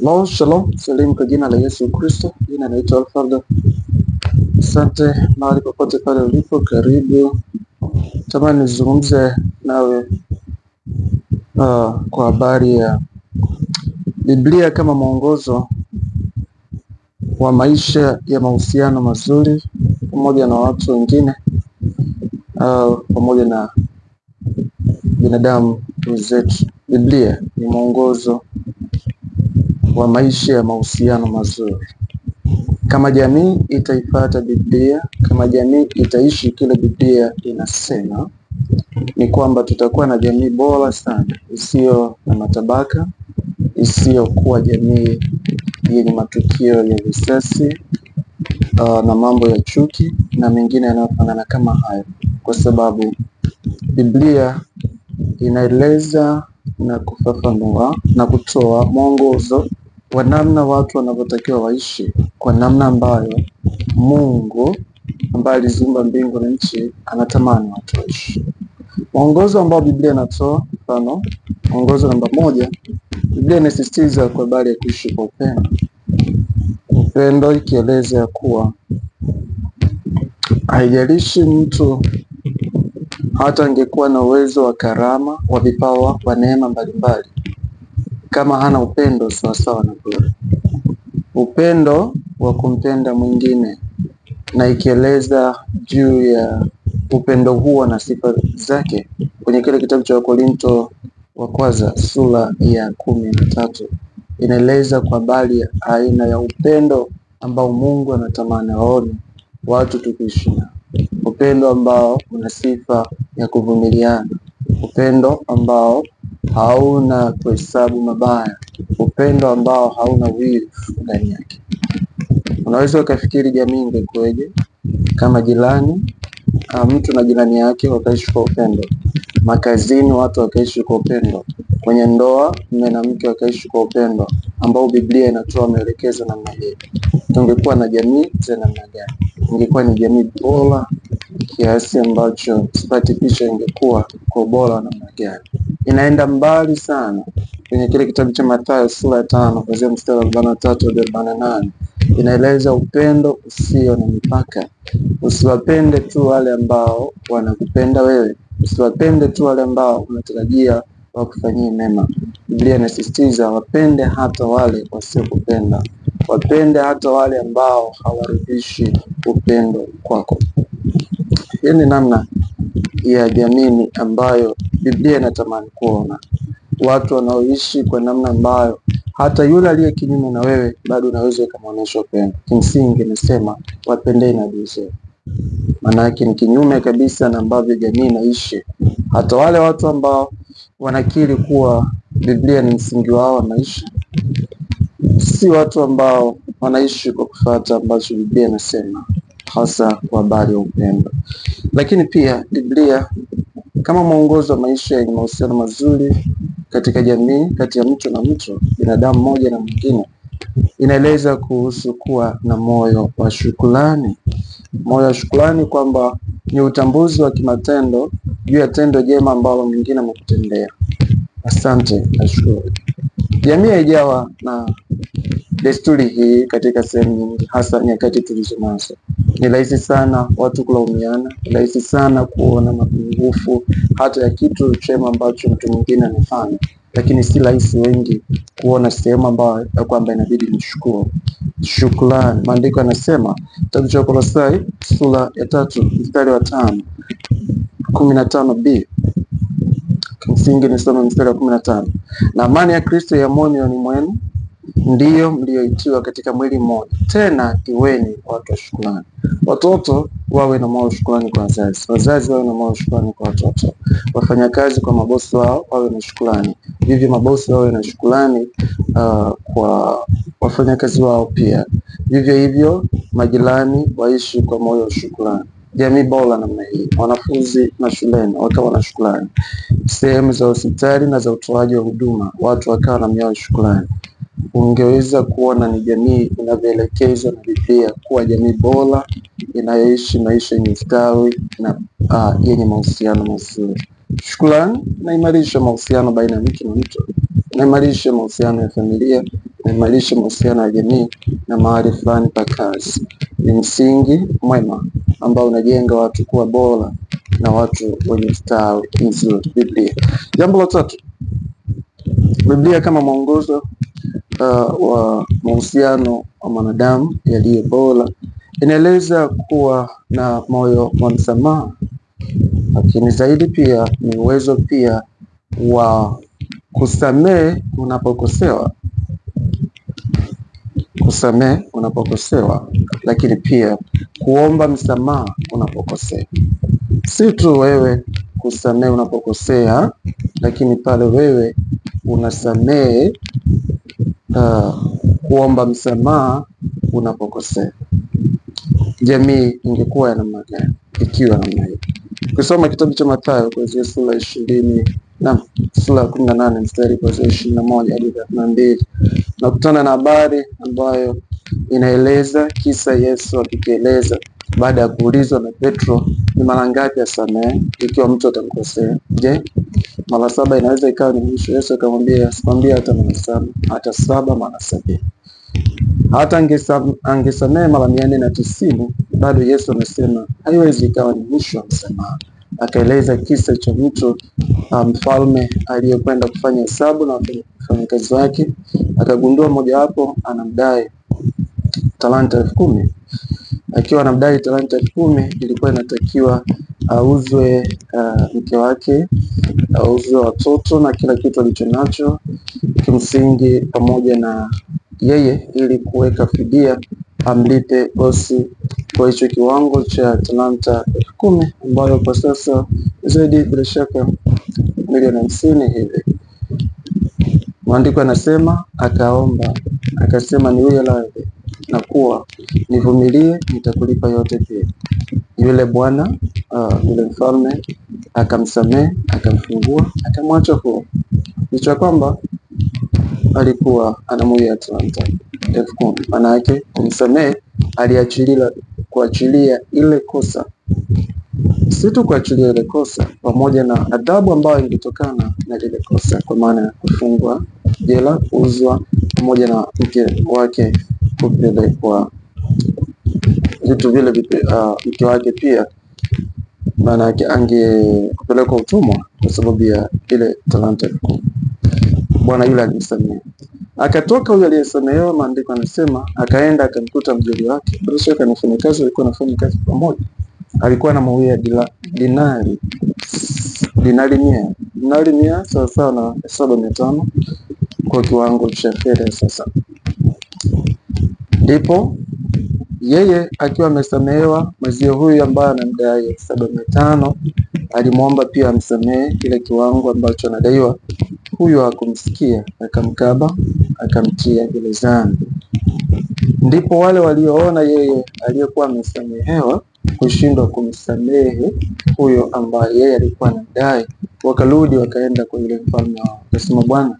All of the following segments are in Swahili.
Lo, shalom, salimu kwa jina la Yesu Kristo. Jina inaitwa Alfardo. Asante mahali popote pale ulipo, karibu. Tamani nizungumze nawe uh, kwa habari ya Biblia kama mwongozo wa maisha ya mahusiano mazuri pamoja na watu wengine uh, pamoja na binadamu wenzetu. Biblia ni mwongozo wa maisha ya mahusiano mazuri. Kama jamii itaifata Biblia, kama jamii itaishi kile Biblia inasema, ni kwamba tutakuwa na jamii bora sana, isiyo na matabaka, isiyokuwa jamii yenye matukio ya visasi uh, na mambo ya chuki na mengine yanayofanana kama hayo, kwa sababu Biblia inaeleza na kufafanua na kutoa mwongozo wa namna watu wanavyotakiwa waishi kwa namna ambayo Mungu ambaye aliziumba mbingu na nchi anatamani watu waishi. Mwongozo ambao Biblia inatoa mfano, mwongozo namba moja, Biblia inasisitiza kwa habari ya kuishi kwa upendo, upendo ikieleza ya kuwa haijalishi mtu hata angekuwa na uwezo wa karama wa vipawa wa neema mbalimbali kama hana upendo sawasawa na bure. Upendo wa kumtenda mwingine na ikieleza juu ya upendo huo na sifa zake kwenye kile kitabu cha Wakorinto wa kwanza sura ya kumi na tatu inaeleza kwa bali ya aina ya upendo ambao Mungu anatamani waone watu tukiishi upendo ambao una sifa ya kuvumiliana, upendo ambao hauna kuhesabu mabaya, upendo ambao hauna wivu ndani yake. Unaweza ukafikiri jamii ingekuwaje kama jirani mtu na jirani yake wakaishi kwa upendo, makazini watu wakaishi kwa upendo, kwenye ndoa mume na mke wakaishi kwa upendo ambao Biblia inatoa maelekezo namna hii, tungekuwa na jamii za namna gani? Ingekuwa ni jamii bora kiasi ambacho sipati picha ingekuwa kwa ubora namna gani? inaenda mbali sana kwenye kile kitabu cha Mathayo sura ya tano kuanzia mstari wa arobaini na tatu hadi arobaini na nane inaeleza upendo usio na mipaka. Usiwapende tu wale ambao wanakupenda wewe, usiwapende tu wale ambao unatarajia wakufanyie mema. Biblia inasisitiza wapende hata wale wasiokupenda, wapende hata wale ambao hawarudishi upendo kwako. Hii ni namna ya jamii ambayo Biblia inatamani kuona watu wanaoishi kwa namna ambayo hata yule aliye kinyume na wewe bado unaweza ukamwonyesha upendo. Kimsingi nasema wapendeni na adui zenu, maana yake ni kinyume kabisa na ambavyo jamii inaishi. Hata wale watu ambao wanakiri kuwa Biblia ni msingi wao wa maisha, si watu ambao wanaishi kwa kufuata ambacho Biblia inasema hasa kwa habari ya upendo. Lakini pia Biblia kama mwongozo wa maisha yenye mahusiano mazuri katika jamii, kati ya mtu na mtu, binadamu mmoja na mwingine, inaeleza kuhusu kuwa na moyo wa shukrani. Moyo wa shukrani kwamba ni utambuzi wa kimatendo juu ya tendo jema ambalo mwingine amekutendea. Asante, nashukuru. Jamii haijawa na desturi hii katika sehemu nyingi, hasa nyakati tulizo nazo. Ni rahisi sana watu kulaumiana, ni rahisi sana kuona mapungufu hata ya kitu chema ambacho mtu mwingine anafanya, lakini si rahisi wengi kuona sehemu ambayo ya kwamba inabidi nishukuru. Shukrani, maandiko yanasema kitabu cha Kolosai sura ya tatu mstari wa tano kumi na tano b kimsingi nisome mstari wa kumi na tano na amani ya Kristo ya moyoni mwenu ndiyo mlioitiwa katika mwili mmoja, tena iweni watu wa shukrani. Watoto wawe na moyo shukrani kwa wazazi, wazazi wawe na moyo shukrani kwa watoto, wafanyakazi kwa mabosi wao wawe na shukrani, vivyo mabosi wawe na shukrani uh, kwa wafanyakazi wao pia vivyo hivyo. Majirani waishi kwa moyo wa shukrani. Jamii bora namna hii, wanafunzi na shuleni wakawa na shukrani, sehemu za hospitali na za utoaji wa huduma watu wakawa na mioyo shukrani ungeweza kuona ni jamii inavyoelekezwa na Biblia kuwa jamii bora inayoishi maisha yenye ustawi na uh, yenye mahusiano mazuri. Shukrani naimarisha mahusiano baina ya mtu na mtu, naimarisha mahusiano ya familia, naimarisha mahusiano ya jamii na mahali fulani pa kazi. Ni msingi mwema ambao unajenga watu kuwa bora na watu wenye ustawi mzuri. Biblia. Jambo la tatu, Biblia kama mwongozo uh, wa mahusiano wa mwanadamu yaliyo bora inaeleza kuwa na moyo wa msamaha, lakini zaidi pia ni uwezo pia wa kusamehe unapokosewa, kusamehe unapokosewa, lakini pia kuomba msamaha unapokosea, si tu wewe kusamehe unapokosea, lakini pale wewe unasamehe uh, kuomba msamaha unapokosea. Jamii ingekuwa ya namna gani ikiwa namna hiyo? Ukisoma kitabu cha Mathayo kuanzia sura ishirini na sura ya kumi na nane mstari kuanzia ishirini na moja hadi thelathini na mbili nakutana na habari ambayo inaeleza kisa Yesu akikieleza baada ya kuulizwa na Petro, ni mara ngapi asamehe ikiwa mtu atamkosea? Je, mara saba inaweza ikawa ni mwisho? Yesu akamwambia, asikwambie hata mara saba, hata saba mara sabini. Hata angesamehe mara mia nne na tisini bado Yesu amesema haiwezi ikawa ni mwisho wa msamaha. Akaeleza kisa cha mtu ah, mfalme um, aliyekwenda kufanya hesabu na wafanyakazi wake, akagundua mmojawapo anamdai talanta elfu kumi akiwa anamdai talanta kumi, ilikuwa inatakiwa auzwe uh, mke wake, auzwe watoto na kila kitu alichonacho kimsingi, pamoja na yeye, ili kuweka fidia amlipe bosi kwa hicho kiwango cha talanta elfu kumi ambayo kwa sasa zaidi bila shaka milioni hamsini hivi. Maandiko anasema akaomba akasema, niuye radhi na kuwa nivumilie, nitakulipa yote pia. Yule bwana uh, yule mfalme akamsamehe, akamfungua, akamwacha huru, licha kwamba alikuwa anamuia talanta elfu kumi. Maana yake kumsamehe, aliachilia kuachilia ile kosa, si tu kuachilia ile kosa, pamoja na adhabu ambayo ilitokana na lile kosa, kwa maana ya kufungwa jela, kuuzwa pamoja na mke wake tu vile kwa vitu vile ah, mke uh, wake pia maana yake angepelekwa utumwa kwa sababu ya ile talanta elfu Bwana yule alimsamehe. Akatoka huyo aliyesamehewa, maandiko anasema akaenda akamkuta mjoli wake, bila shaka ni mfanyakazi, alikuwa anafanya kazi pamoja. Alikuwa na mawia dinari dinari mia dinari mia sawasawa na saba mia tano kwa kiwango cha fedha sasa ndipo yeye akiwa amesamehewa mzee huyu ambaye anamdai elfu saba mia tano alimwomba pia amsamehe kile kiwango ambacho anadaiwa. huyo hakumsikia akamkaba, akamtia gerezani. Ndipo wale walioona yeye aliyekuwa amesamehewa kushindwa kumsamehe huyo ambaye yeye alikuwa anamdai, wakarudi wakaenda kwa yule mfalme wao, akasema, bwana,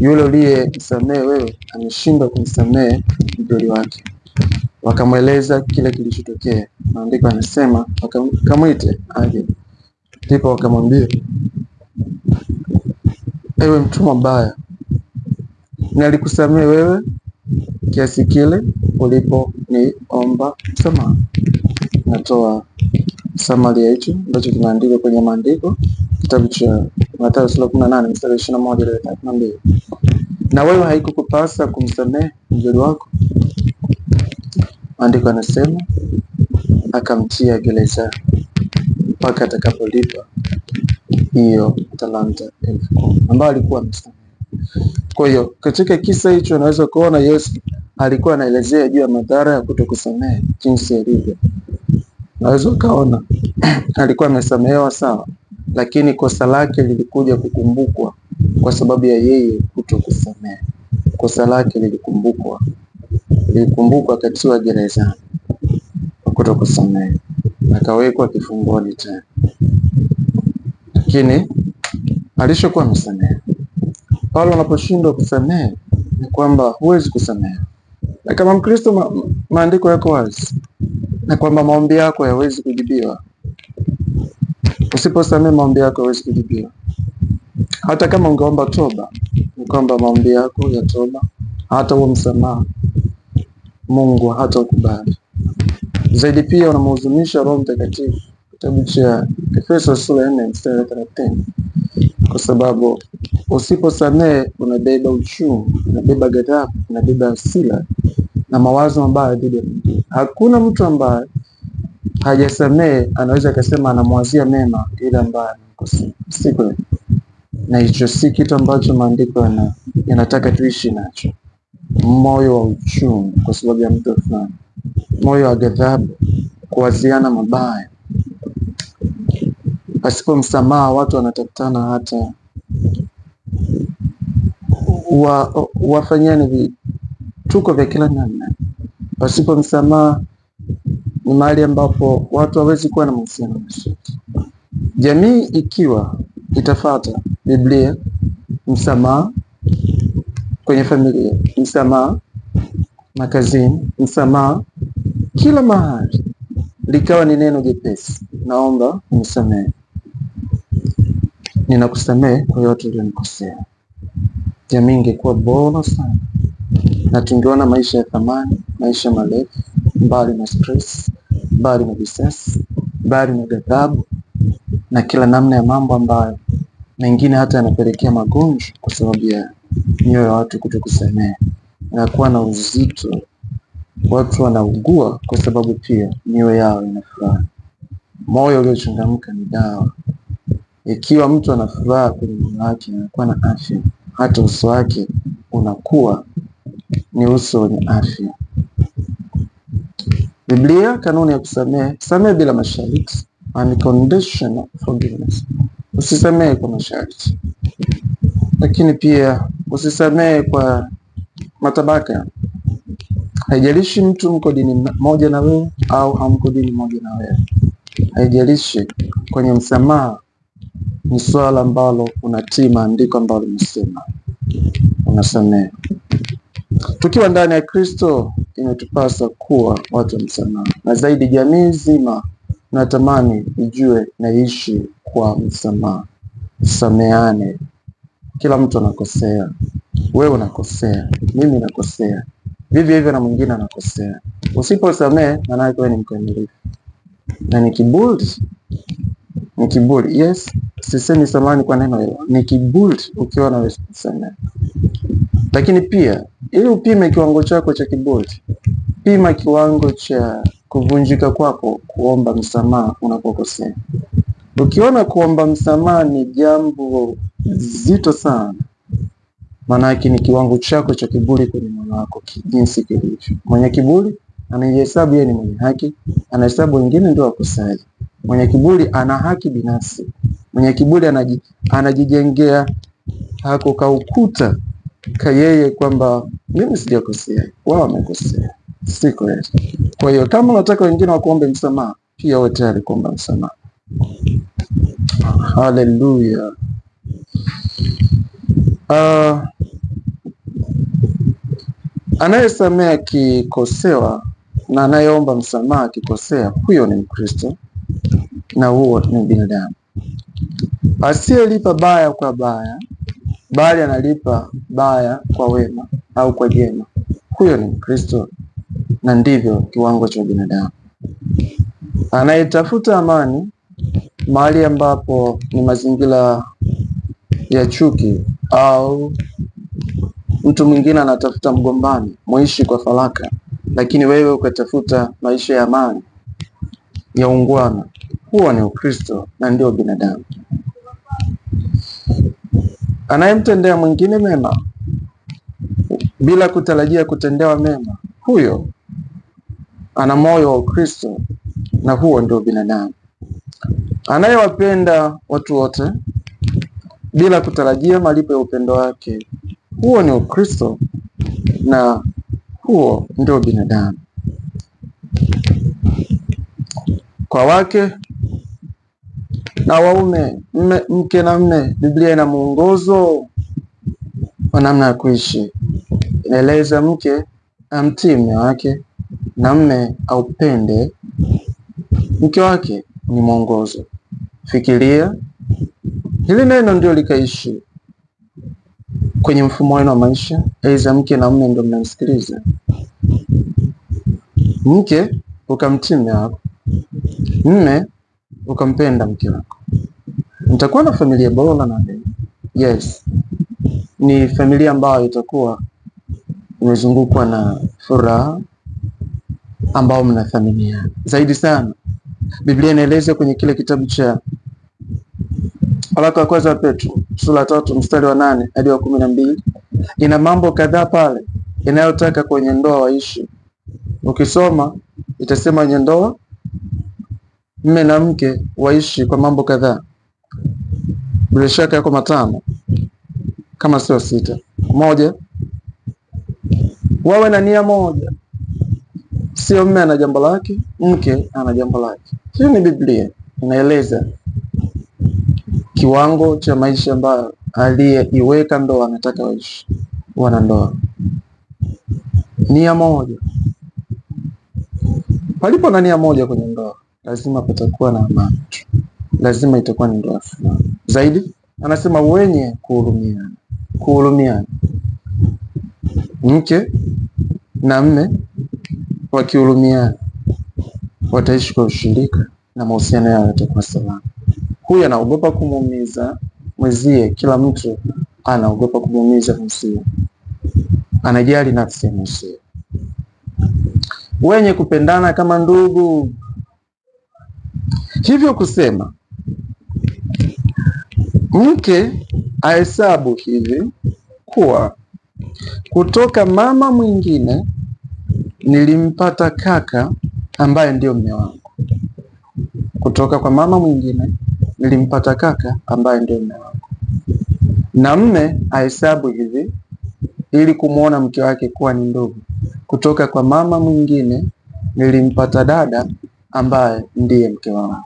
yule msamehe wewe ameshindwa kumsamehe mdoli wake, wakamweleza kile kilichotokea. Maandiko anasema wakamwite aje, ndipo wakamwambia, ewe mtumwa mbaya, nalikusamehe wewe kiasi kile uliponiomba msamaha. Natoa samaria hicho ambacho kimeandikwa kwenye maandiko, kitabu cha Mathayo sura kumi na nane mstari ishirini na moja hadi thelathini na mbili na wewe haikukupasa kumsamehe mzuri wako? Maandiko anasema akamtia gereza mpaka atakapolipa hiyo talanta elfu kumi ambayo alikuwa amesamehe. Kwa hiyo katika kisa hicho unaweza kuona Yesu alikuwa anaelezea juu ya madhara ya kutokusamehe jinsi yalivyo. Unaweza ukaona alikuwa amesamehewa sawa, lakini kosa lake lilikuja kukumbukwa kwa sababu ya yeye kuto kusamehe Kosa lake lilikumbukwa, lilikumbukwa akatiwa gerezani kwa kusamehe akawekwa kifungoni tena, lakini alishokuwa amesamehe. Paulo anaposhindwa kusamehe ni kwamba huwezi kusamehe, na kama Mkristo ma maandiko yako wazi na kwamba maombi yako hayawezi kujibiwa. Usiposamehe, maombi yako hayawezi kujibiwa. Hata kama ungeomba toba, ni maombi yako ya toba, hata huo msamaha, Mungu kubali Zaidi pia unamhuzunisha Roho Mtakatifu, kitabu cha Efeso sura ya 4 mstari wa 30, kwa sababu usiposamehe unabeba uchungu, unabeba ghadhabu, unabeba hasira na mawazo mabaya dhidi ya mwingine. Hakuna mtu ambaye hajasamehe anaweza akasema anamwazia mema ile ambayo si kweli na hicho si kitu ambacho maandiko yanataka tuishi nacho, moyo wa uchungu kwa sababu ya mtu fulani, moyo wa ghadhabu, kuwaziana mabaya. Pasipo msamaha, watu wanatafutana hata wa, wafanyane vituko vya kila namna. Pasipo msamaha, ni mahali ambapo watu hawezi kuwa na mahusiano mazuri. Jamii ikiwa itafata Biblia, msamaha kwenye familia, msamaha makazini, msamaha kila mahali, likawa ni neno jepesi. Naomba unisamehe, ninakusamehe kwa yote uliyonikosea. Jamii ingekuwa bora sana na tungeona maisha ya thamani, maisha marefu, mbali na stress, mbali na visasi, mbali na ghadhabu na kila namna ya mambo ambayo mengine hata yanapelekea magonjwa kwa sababu ya mioyo ya watu kuto kusamehe. Inakuwa na uzito, watu wanaugua kwa sababu pia mioyo yao ina furaha. Moyo uliochangamka ni dawa. Ikiwa mtu ana furaha kwenye moyo wake, anakuwa na afya, hata uso wake unakuwa ni uso wenye afya. Biblia, kanuni ya kusamehe: samehe bila masharti unconditional forgiveness, usisamehe kwa masharti. Lakini pia usisamehe kwa matabaka. Haijalishi mtu mko dini moja na wewe au hamko dini moja na wewe, haijalishi. Kwenye msamaha ni swala ambalo unatii maandiko ambalo limesema unasamehe. Tukiwa ndani ya Kristo, imetupasa kuwa watu wa msamaha, na zaidi jamii nzima natamani ijue naishi kwa msamaha. Sameane, kila mtu anakosea. Wewe unakosea, mimi nakosea, vivyo hivyo na mwingine anakosea. Usiposamee maanake wewe ni mkamilifu. Na ni kiburi, ni kiburi. Yes, sisemi samani kwa neno hilo, ni kiburi ukiwa na kusamea. Lakini pia ili upime kiwango chako cha kiburi, pima kiwango cha kuvunjika kwako kuomba msamaha unapokosea. Ukiona kuomba msamaha ni jambo zito sana, yake ni kiwango chako cha kiburi kwenye moyo wako, jinsi kilivyo. Mwenye kiburi anajihesabu yeye ni mwenye haki, anahesabu wengine ndio wakosaji. Mwenye kiburi ana haki binafsi, mwenye kiburi anaji, anajijengea hako kaukuta kayeye kwamba mimi sijakosea, wao wamekosea siku yetu. Kwa hiyo kama unataka wengine wakuombe msamaha, pia wewe tayari kuomba msamaha. Haleluya. Uh, ah, anayesamea akikosewa na anayeomba msamaha akikosea, huyo ni Mkristo na huo ni binadamu. Asiyelipa baya kwa baya, bali analipa baya kwa wema au kwa jema, huyo ni Mkristo na ndivyo kiwango cha binadamu. Anayetafuta amani mahali ambapo ni mazingira ya chuki au mtu mwingine anatafuta mgombani, muishi kwa faraka, lakini wewe ukatafuta maisha ya amani ya ungwana, huo ni Ukristo na ndio binadamu. Anayemtendea mwingine mema bila kutarajia kutendewa mema, huyo ana moyo wa Ukristo na huo ndio binadamu anayewapenda watu wote bila kutarajia malipo ya upendo wake. Huo ni Ukristo na huo ndio binadamu. Kwa wake na waume, mme, mke na mme, Biblia ina mwongozo wa namna ya kuishi. Inaeleza mke amtii mme wake na mme aupende mke wake ni mwongozo. Fikiria hili neno, ndio likaishi kwenye mfumo wenu wa maisha. Aidha mke na mme ndio mnamsikiliza mke, ukamtii mme wako, mme ukampenda mke wako, mtakuwa na familia bora na yes, ni familia ambayo itakuwa imezungukwa na furaha, ambao mnathaminiana zaidi sana. Biblia inaeleza kwenye kile kitabu cha waraka wa kwanza wa Petro sura tatu mstari wa nane hadi wa kumi na mbili ina mambo kadhaa pale inayotaka kwenye ndoa waishi. Ukisoma itasema wenye ndoa mme na mke waishi kwa mambo kadhaa, bila shaka yako matano kama sio sita. Moja, wawe na nia moja sio mme ana jambo lake, mke ana jambo lake. Hiyo ni Biblia inaeleza kiwango cha maisha ambayo aliyeiweka ndoa anataka waishi wanandoa. Nia moja, palipo na nia moja kwenye ndoa lazima patakuwa na amani, lazima itakuwa ni ndoa fulani zaidi. Anasema wenye kuhurumiana, kuhurumiana mke na mme wakihurumiana, wataishi kwa ushirika na mahusiano yao yatakuwa salama. Huyu anaogopa kumuumiza mwenzie, kila mtu anaogopa kumuumiza mwenzie, anajali nafsi ya mwenzie. Wenye kupendana kama ndugu, hivyo kusema mke ahesabu hivi kuwa kutoka mama mwingine nilimpata kaka ambaye ndiyo mme wangu. Kutoka kwa mama mwingine nilimpata kaka ambaye ndiyo mme wangu, na mme ahesabu hivi ili kumwona mke wake kuwa ni ndugu. Kutoka kwa mama mwingine nilimpata dada ambaye ndiye mke wangu.